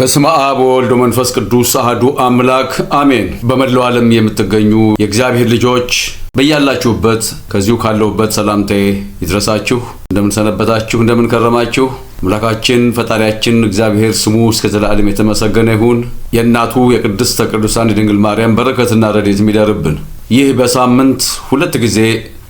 በስመ አብ ወወልድ ወመንፈስ ቅዱስ አህዱ አምላክ አሜን። በመላው ዓለም የምትገኙ የእግዚአብሔር ልጆች በያላችሁበት ከዚሁ ካለሁበት ሰላምታዬ ይድረሳችሁ። እንደምንሰነበታችሁ፣ እንደምንከረማችሁ አምላካችን ፈጣሪያችን እግዚአብሔር ስሙ እስከ ዘላለም የተመሰገነ ይሁን። የእናቱ የቅድስተ ቅዱሳን የድንግል ማርያም በረከትና ረድኤት የሚደርብን ይህ በሳምንት ሁለት ጊዜ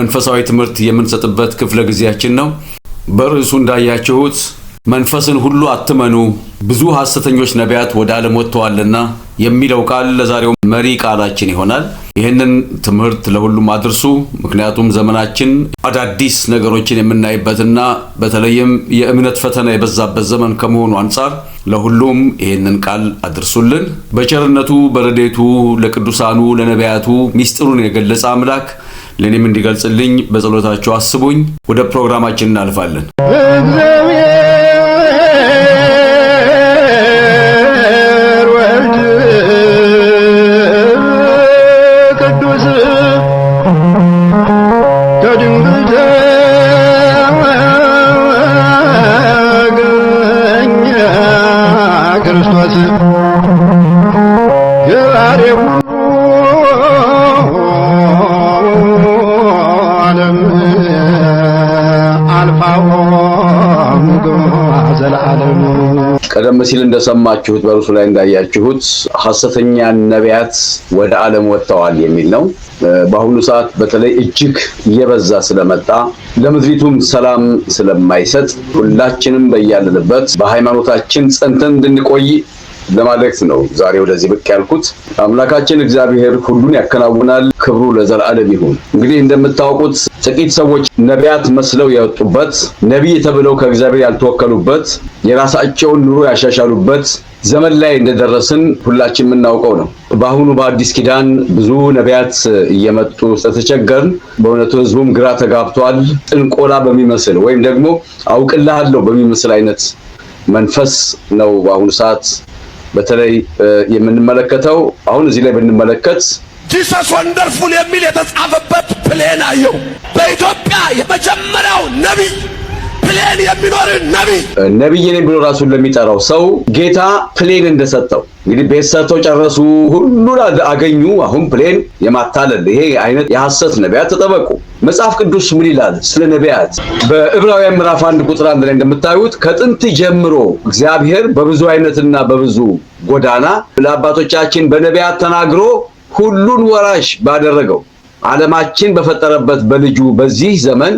መንፈሳዊ ትምህርት የምንሰጥበት ክፍለ ጊዜያችን ነው። በርዕሱ እንዳያችሁት መንፈስን ሁሉ አትመኑ ብዙ ሐሰተኞች ነቢያት ወደ ዓለም ወጥተዋልና የሚለው ቃል ለዛሬው መሪ ቃላችን ይሆናል። ይህንን ትምህርት ለሁሉም አድርሱ። ምክንያቱም ዘመናችን አዳዲስ ነገሮችን የምናይበትና በተለይም የእምነት ፈተና የበዛበት ዘመን ከመሆኑ አንጻር ለሁሉም ይህንን ቃል አድርሱልን። በቸርነቱ በረዴቱ ለቅዱሳኑ ለነቢያቱ ሚስጥሩን የገለጸ አምላክ ለእኔም እንዲገልጽልኝ በጸሎታቸው አስቡኝ። ወደ ፕሮግራማችን እናልፋለን። ክርስቶስ ግባሬው ዓለም አልፋው ምግባ ዘለዓለሙ ቀደም ሲል እንደሰማችሁት በርሱ ላይ እንዳያችሁት ሐሰተኛ ነቢያት ወደ ዓለም ወጥተዋል የሚል ነው። በአሁኑ ሰዓት በተለይ እጅግ እየበዛ ስለመጣ ለምድሪቱም ሰላም ስለማይሰጥ ሁላችንም በያለንበት በሃይማኖታችን ጸንተን እንድንቆይ ለማለት ነው ዛሬ ወደዚህ ብቅ ያልኩት። አምላካችን እግዚአብሔር ሁሉን ያከናውናል። ክብሩ ለዘላለም ይሁን። እንግዲህ እንደምታውቁት ጥቂት ሰዎች ነቢያት መስለው የወጡበት ነቢይ ተብለው ከእግዚአብሔር ያልተወከሉበት የራሳቸውን ኑሮ ያሻሻሉበት ዘመን ላይ እንደደረስን ሁላችን የምናውቀው ነው። በአሁኑ በአዲስ ኪዳን ብዙ ነቢያት እየመጡ ስለተቸገርን በእውነቱ ህዝቡም ግራ ተጋብቷል። ጥንቆላ በሚመስል ወይም ደግሞ አውቅልሃለሁ በሚመስል አይነት መንፈስ ነው በአሁኑ ሰዓት በተለይ የምንመለከተው። አሁን እዚህ ላይ ብንመለከት ጂሰስ ወንደርፉል የሚል የተጻፈበት ፕሌን አየው። በኢትዮጵያ የመጀመሪያው ነቢይ ፕሌን የሚኖር ነቢይ ነቢይ ነኝ ብሎ ራሱን ለሚጠራው ሰው ጌታ ፕሌን እንደሰጠው እንግዲህ ቤት ሰርተው ጨረሱ፣ ሁሉ አገኙ። አሁን ፕሌን የማታለል ይሄ አይነት የሐሰት ነቢያት ተጠበቁ። መጽሐፍ ቅዱስ ምን ይላል ስለ ነቢያት? በዕብራውያን ምዕራፍ አንድ ቁጥር አንድ ላይ እንደምታዩት ከጥንት ጀምሮ እግዚአብሔር በብዙ አይነትና በብዙ ጎዳና ለአባቶቻችን በነቢያት ተናግሮ ሁሉን ወራሽ ባደረገው ዓለማችን በፈጠረበት በልጁ በዚህ ዘመን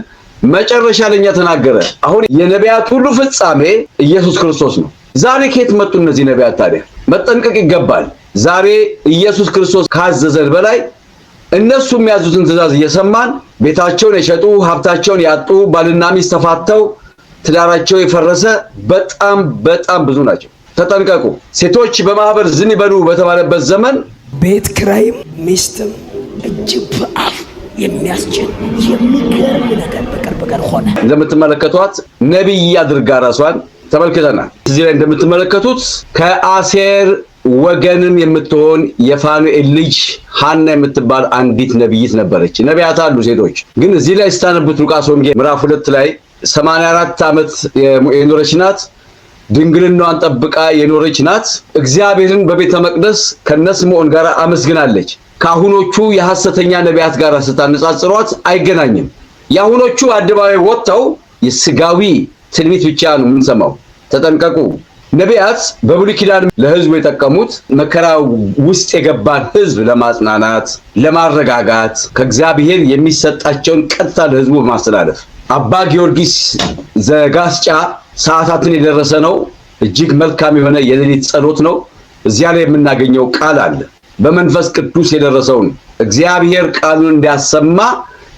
መጨረሻ ለኛ ተናገረ። አሁን የነቢያት ሁሉ ፍጻሜ ኢየሱስ ክርስቶስ ነው። ዛሬ ከየት መጡ እነዚህ ነቢያት ታዲያ? መጠንቀቅ ይገባል። ዛሬ ኢየሱስ ክርስቶስ ካዘዘን በላይ እነሱ የሚያዙትን ትእዛዝ እየሰማን ቤታቸውን የሸጡ ሀብታቸውን ያጡ ባልና ሚስት ተፋተው ትዳራቸው የፈረሰ በጣም በጣም ብዙ ናቸው። ተጠንቀቁ። ሴቶች በማህበር ዝም ይበሉ በተባለበት ዘመን ቤት ክራይም ሚስትም እጅግ በአፍ የሚያስችል የሚገርም ነገር በቅርብ ቀን ሆነ። እንደምትመለከቷት ነቢይ አድርጋ ራሷን ተመልክተናል። እዚህ ላይ እንደምትመለከቱት ከአሴር ወገንም የምትሆን የፋኑኤል ልጅ ሀና የምትባል አንዲት ነቢይት ነበረች። ነቢያት አሉ ሴቶች ግን እዚህ ላይ ስታነቡት ሉቃስ ወንጌል ምዕራፍ ሁለት ላይ 84 ዓመት የኖረች ናት። ድንግልናዋን ጠብቃ የኖረች ናት። እግዚአብሔርን በቤተ መቅደስ ከነስምዖን ጋር አመስግናለች። ከአሁኖቹ የሐሰተኛ ነቢያት ጋር ስታነጻጽሯት አይገናኝም። የአሁኖቹ አደባባይ ወጥተው የስጋዊ ትንቢት ብቻ ነው የምንሰማው። ተጠንቀቁ። ነቢያት በብሉይ ኪዳን ለሕዝቡ የጠቀሙት መከራ ውስጥ የገባን ሕዝብ ለማጽናናት፣ ለማረጋጋት ከእግዚአብሔር የሚሰጣቸውን ቀጥታ ለሕዝቡ በማስተላለፍ አባ ጊዮርጊስ ዘጋስጫ ሰዓታትን የደረሰ ነው። እጅግ መልካም የሆነ የሌሊት ጸሎት ነው። እዚያ ላይ የምናገኘው ቃል አለ። በመንፈስ ቅዱስ የደረሰውን እግዚአብሔር ቃሉን እንዲያሰማ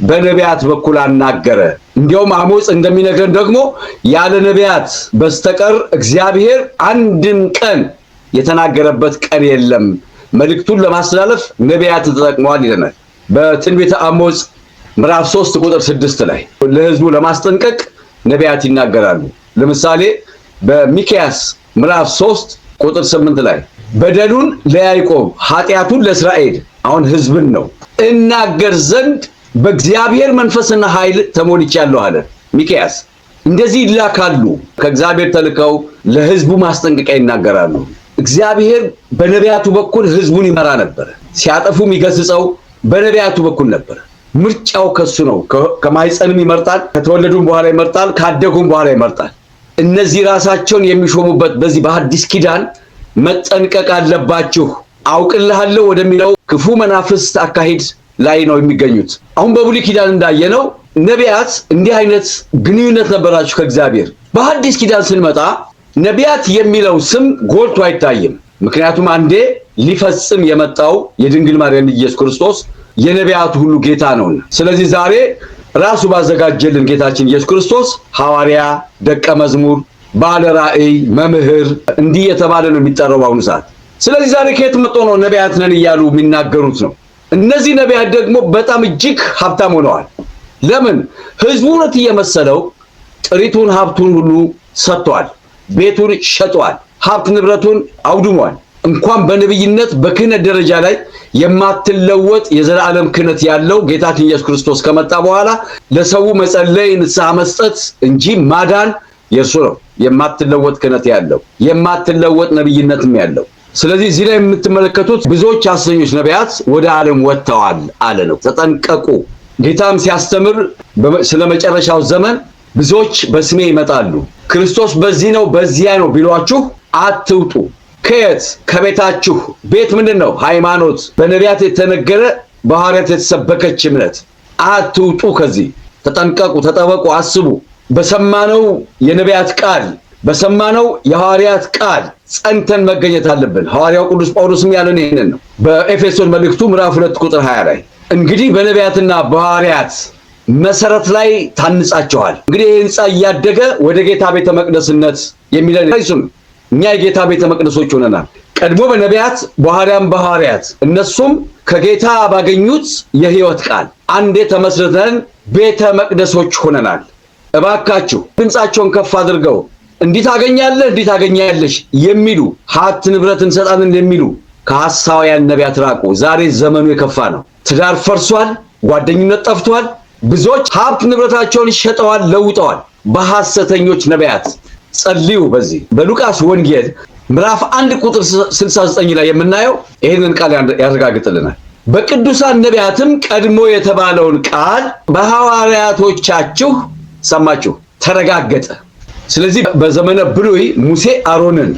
በነቢያት በኩል አናገረ። እንዲያውም አሞጽ እንደሚነግረን ደግሞ ያለ ነቢያት በስተቀር እግዚአብሔር አንድም ቀን የተናገረበት ቀን የለም፣ መልእክቱን ለማስተላለፍ ነቢያት ተጠቅመዋል ይለናል። በትንቢተ አሞጽ ምዕራፍ 3 ቁጥር 6 ላይ ለህዝቡ ለማስጠንቀቅ ነቢያት ይናገራሉ። ለምሳሌ በሚኪያስ ምዕራፍ 3 ቁጥር 8 ላይ በደሉን ለያይቆብ ኃጢአቱን ለእስራኤል አሁን ህዝብን ነው እናገር ዘንድ በእግዚአብሔር መንፈስና ኃይል ተሞልቻለሁ አለ ሚኪያስ። እንደዚህ ይላካሉ፣ ከእግዚአብሔር ተልከው ለህዝቡ ማስጠንቀቂያ ይናገራሉ። እግዚአብሔር በነቢያቱ በኩል ህዝቡን ይመራ ነበር። ሲያጠፉ የሚገስጸው በነቢያቱ በኩል ነበር። ምርጫው ከሱ ነው። ከማይፀንም ይመርጣል፣ ከተወለዱም በኋላ ይመርጣል፣ ካደጉም በኋላ ይመርጣል። እነዚህ ራሳቸውን የሚሾሙበት በዚህ በሐዲስ ኪዳን መጠንቀቅ አለባችሁ አውቅልሃለሁ ወደሚለው ክፉ መናፍስት አካሄድ ላይ ነው የሚገኙት። አሁን በብሉይ ኪዳን እንዳየነው ነቢያት እንዲህ አይነት ግንኙነት ነበራችሁ ከእግዚአብሔር። በሐዲስ ኪዳን ስንመጣ ነቢያት የሚለው ስም ጎልቶ አይታይም። ምክንያቱም አንዴ ሊፈጽም የመጣው የድንግል ማርያም ኢየሱስ ክርስቶስ የነቢያት ሁሉ ጌታ ነውና። ስለዚህ ዛሬ ራሱ ባዘጋጀልን ጌታችን ኢየሱስ ክርስቶስ ሐዋርያ፣ ደቀ መዝሙር፣ ባለ ራእይ፣ መምህር እንዲህ የተባለ ነው የሚጠራው በአሁኑ ሰዓት። ስለዚህ ዛሬ ከየት መጥቶ ነው ነቢያት ነን እያሉ የሚናገሩት ነው። እነዚህ ነቢያት ደግሞ በጣም እጅግ ሀብታም ሆነዋል። ለምን ህዝቡ እውነት እየመሰለው ጥሪቱን ሀብቱን ሁሉ ሰጥቷል። ቤቱን ሸጧል። ሀብት ንብረቱን አውድሟል። እንኳን በነብይነት በክህነት ደረጃ ላይ የማትለወጥ የዘላለም ክህነት ያለው ጌታችን ኢየሱስ ክርስቶስ ከመጣ በኋላ ለሰው መጸለይ፣ ንስሐ መስጠት እንጂ ማዳን የእርሱ ነው። የማትለወጥ ክህነት ያለው የማትለወጥ ነብይነትም ያለው ስለዚህ እዚህ ላይ የምትመለከቱት ብዙዎች አሰኞች ነቢያት ወደ ዓለም ወጥተዋል አለ ነው። ተጠንቀቁ። ጌታም ሲያስተምር ስለ መጨረሻው ዘመን ብዙዎች በስሜ ይመጣሉ፣ ክርስቶስ በዚህ ነው በዚያ ነው ቢሏችሁ አትውጡ። ከየት ከቤታችሁ ቤት ምንድን ነው ሃይማኖት በነቢያት የተነገረ በሐዋርያት የተሰበከች እምነት አትውጡ ከዚህ ተጠንቀቁ ተጠበቁ አስቡ በሰማነው የነቢያት ቃል በሰማነው የሐዋርያት ቃል ጸንተን መገኘት አለብን ሐዋርያው ቅዱስ ጳውሎስም ያለን ይህንን ነው በኤፌሶን መልእክቱ ምዕራፍ ሁለት ቁጥር 2 ላይ እንግዲህ በነቢያትና በሐዋርያት መሰረት ላይ ታንጻችኋል እንግዲህ ይህ ህንፃ እያደገ ወደ ጌታ ቤተ መቅደስነት የሚለን እኛ የጌታ ቤተ መቅደሶች ሆነናል። ቀድሞ በነቢያት በኋላም በሐዋርያት እነሱም ከጌታ ባገኙት የሕይወት ቃል አንዴ ተመስርተን ቤተ መቅደሶች ሆነናል። እባካችሁ ድምፃቸውን ከፍ አድርገው እንዲህ ታገኛለህ፣ እንዲህ ታገኛለሽ የሚሉ ሀብት ንብረት እንሰጣለን የሚሉ ከሐሳውያን ነቢያት ራቁ። ዛሬ ዘመኑ የከፋ ነው። ትዳር ፈርሷል፣ ጓደኝነት ጠፍቷል። ብዙዎች ሀብት ንብረታቸውን ሸጠዋል፣ ለውጠዋል በሐሰተኞች ነቢያት ጸልዩ። በዚህ በሉቃስ ወንጌል ምዕራፍ አንድ ቁጥር 69 ላይ የምናየው ይህንን ቃል ያረጋግጥልናል። በቅዱሳን ነቢያትም ቀድሞ የተባለውን ቃል በሐዋርያቶቻችሁ ሰማችሁ፣ ተረጋገጠ። ስለዚህ በዘመነ ብሉይ ሙሴ አሮንን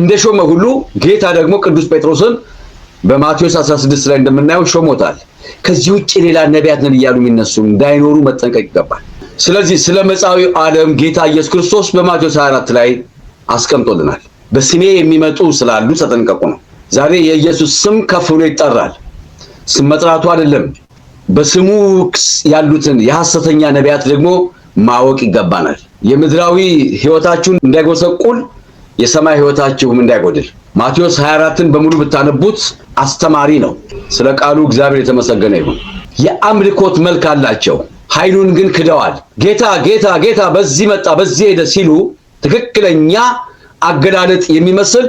እንደሾመ ሁሉ ጌታ ደግሞ ቅዱስ ጴጥሮስን በማቴዎስ 16 ላይ እንደምናየው ሾሞታል። ከዚህ ውጭ ሌላ ነቢያት ነን እያሉ የሚነሱ እንዳይኖሩ መጠንቀቅ ይገባል። ስለዚህ ስለ መጻዊ ዓለም ጌታ ኢየሱስ ክርስቶስ በማቴዎስ 24 ላይ አስቀምጦልናል። በስሜ የሚመጡ ስላሉ ተጠንቀቁ ነው። ዛሬ የኢየሱስ ስም ከፍ ብሎ ይጠራል። ስም መጥራቱ አይደለም፣ በስሙ ያሉትን የሐሰተኛ ነቢያት ደግሞ ማወቅ ይገባናል። የምድራዊ ሕይወታችሁን እንዳይጎሰቁል የሰማይ ህይወታችሁም እንዳይጎድል። ማቴዎስ 24ን በሙሉ ብታነቡት አስተማሪ ነው። ስለ ቃሉ እግዚአብሔር የተመሰገነ ይሁን። የአምልኮት መልክ አላቸው። ኃይሉን ግን ክደዋል። ጌታ ጌታ ጌታ በዚህ መጣ በዚህ ሄደ ሲሉ ትክክለኛ አገላለጥ የሚመስል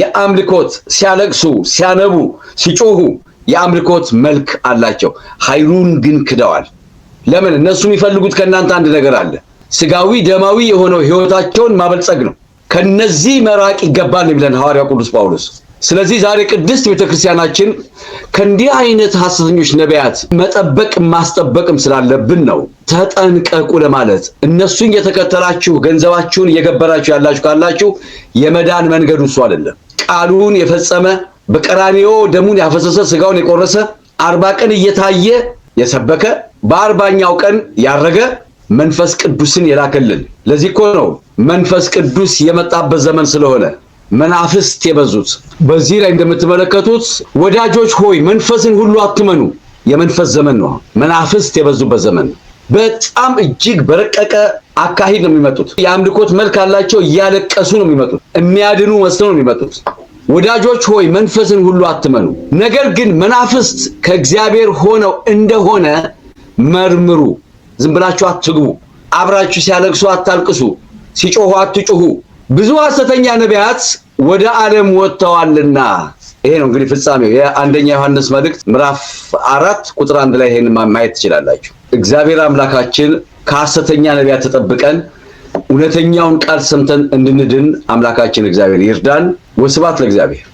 የአምልኮት ሲያለቅሱ፣ ሲያነቡ፣ ሲጮሁ የአምልኮት መልክ አላቸው። ኃይሉን ግን ክደዋል። ለምን? እነሱ የሚፈልጉት ከእናንተ አንድ ነገር አለ። ስጋዊ ደማዊ የሆነው ህይወታቸውን ማበልጸግ ነው። ከነዚህ መራቅ ይገባል ብለን ሐዋርያው ቅዱስ ጳውሎስ። ስለዚህ ዛሬ ቅድስት ቤተክርስቲያናችን ከእንዲህ አይነት ሐሰተኞች ነቢያት መጠበቅ ማስጠበቅም ስላለብን ነው ተጠንቀቁ ለማለት እነሱን የተከተላችሁ ገንዘባችሁን እየገበራችሁ ያላችሁ ካላችሁ የመዳን መንገዱ እሱ አይደለም። ቃሉን የፈጸመ በቀራንዮ ደሙን ያፈሰሰ ስጋውን የቆረሰ አርባ ቀን እየታየ የሰበከ በአርባኛው ቀን ያረገ መንፈስ ቅዱስን የላከልን ለዚህ እኮ ነው መንፈስ ቅዱስ የመጣበት ዘመን ስለሆነ መናፍስት የበዙት። በዚህ ላይ እንደምትመለከቱት ወዳጆች ሆይ መንፈስን ሁሉ አትመኑ። የመንፈስ ዘመን ነው። መናፍስት የበዙበት ዘመን በጣም እጅግ በረቀቀ አካሂድ ነው የሚመጡት። የአምልኮት መልክ አላቸው። እያለቀሱ ነው የሚመጡት። የሚያድኑ መስለው ነው የሚመጡት። ወዳጆች ሆይ መንፈስን ሁሉ አትመኑ፣ ነገር ግን መናፍስት ከእግዚአብሔር ሆነው እንደሆነ መርምሩ። ዝም ብላችሁ አትግቡ። አብራችሁ ሲያለቅሱ አታልቅሱ። ሲጮሁ አትጩሁ፣ ብዙ ሐሰተኛ ነቢያት ወደ ዓለም ወጥተዋልና። ይሄ ነው እንግዲህ ፍጻሜው። የአንደኛ ዮሐንስ መልእክት ምዕራፍ አራት ቁጥር አንድ ላይ ይሄን ማየት ትችላላችሁ። እግዚአብሔር አምላካችን ከሐሰተኛ ነቢያት ተጠብቀን እውነተኛውን ቃል ሰምተን እንድንድን አምላካችን እግዚአብሔር ይርዳን። ወስብሐት ለእግዚአብሔር።